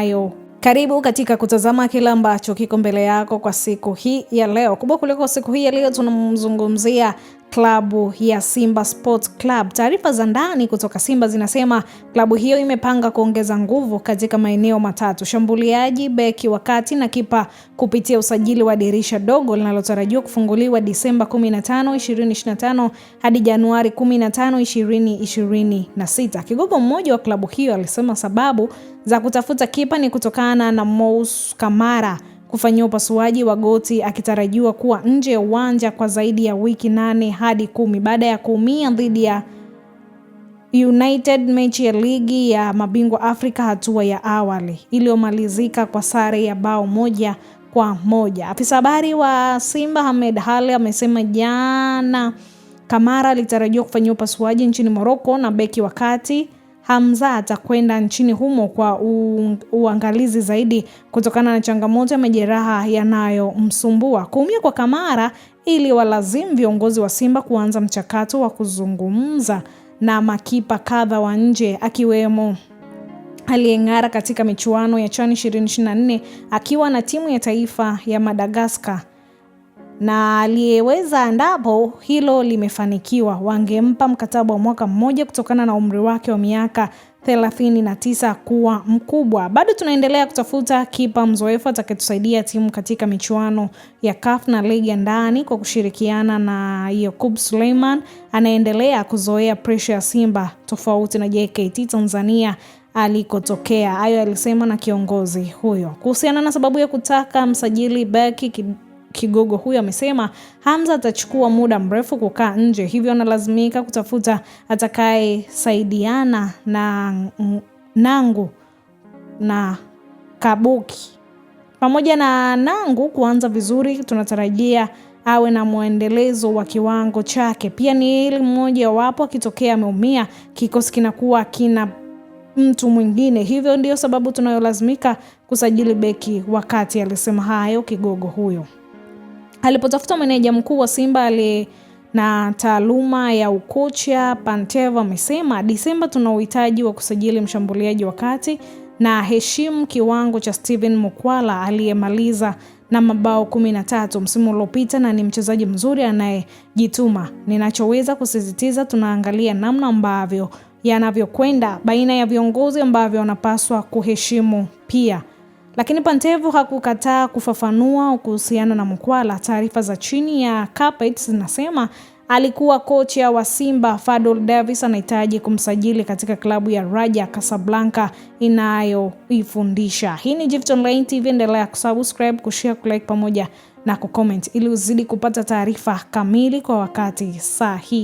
Ayo. Karibu katika kutazama kile ambacho kiko mbele yako kwa siku hii ya leo. Kubwa kuliko siku hii ya leo tunamzungumzia klabu ya Simba Sports Club. Taarifa za ndani kutoka Simba zinasema klabu hiyo imepanga kuongeza nguvu katika maeneo matatu: shambuliaji, beki wa kati na kipa, kupitia usajili wa dirisha dogo linalotarajiwa kufunguliwa Disemba 15, 2025 hadi Januari 15, 2026. Kigogo mmoja wa klabu hiyo alisema sababu za kutafuta kipa ni kutokana na Mous Kamara kufanyia upasuaji wa goti akitarajiwa kuwa nje ya uwanja kwa zaidi ya wiki nane hadi kumi baada ya kuumia dhidi ya United mechi ya ligi ya mabingwa Afrika hatua ya awali iliyomalizika kwa sare ya bao moja kwa moja. Afisa habari wa Simba Hamed Hale amesema jana Kamara alitarajiwa kufanyiwa upasuaji nchini Morocco na beki wa kati Hamza atakwenda nchini humo kwa uangalizi zaidi kutokana na changamoto ya majeraha yanayomsumbua. Kuumia kwa Kamara ili walazimu viongozi wa Simba kuanza mchakato wa kuzungumza na makipa kadha wa nje akiwemo aliyeng'ara katika michuano ya CHAN 2024 akiwa na timu ya taifa ya Madagascar na aliyeweza, endapo hilo limefanikiwa, wangempa mkataba wa mwaka mmoja kutokana na umri wake wa miaka 39 kuwa mkubwa. Bado tunaendelea kutafuta kipa mzoefu atakayetusaidia timu katika michuano ya kaf na ligi ya ndani kwa kushirikiana na Yakub Suleiman anaendelea kuzoea presha ya Simba tofauti na JKT Tanzania alikotokea. Hayo alisema na kiongozi huyo kuhusiana na sababu ya kutaka msajili beki Kigogo huyo amesema Hamza atachukua muda mrefu kukaa nje, hivyo analazimika kutafuta atakayesaidiana na Nangu na Kabuki. Pamoja na Nangu kuanza vizuri, tunatarajia awe na mwendelezo wa kiwango chake. Pia ni ili mmoja wapo akitokea ameumia, kikosi kinakuwa kina mtu mwingine, hivyo ndiyo sababu tunayolazimika kusajili beki wakati Alisema hayo kigogo huyo. Alipotafuta meneja mkuu wa Simba aliye na taaluma ya ukocha, Pantev amesema Desemba tuna uhitaji wa kusajili mshambuliaji wa kati na heshimu kiwango cha Steven Mukwala aliyemaliza na mabao kumi na tatu msimu uliopita na ni mchezaji mzuri anayejituma. Ninachoweza kusisitiza, tunaangalia namna ambavyo yanavyokwenda baina ya viongozi ambavyo wanapaswa kuheshimu pia lakini Pantevu hakukataa kufafanua kuhusiana na Mkwala. Taarifa za chini ya carpet zinasema alikuwa kocha wa Simba Fadul Davis anahitaji kumsajili katika klabu ya Raja Casablanca inayoifundisha. Hii ni Gift Online TV, endelea kusubscribe, kushare, kulike pamoja na kucomment ili uzidi kupata taarifa kamili kwa wakati sahihi.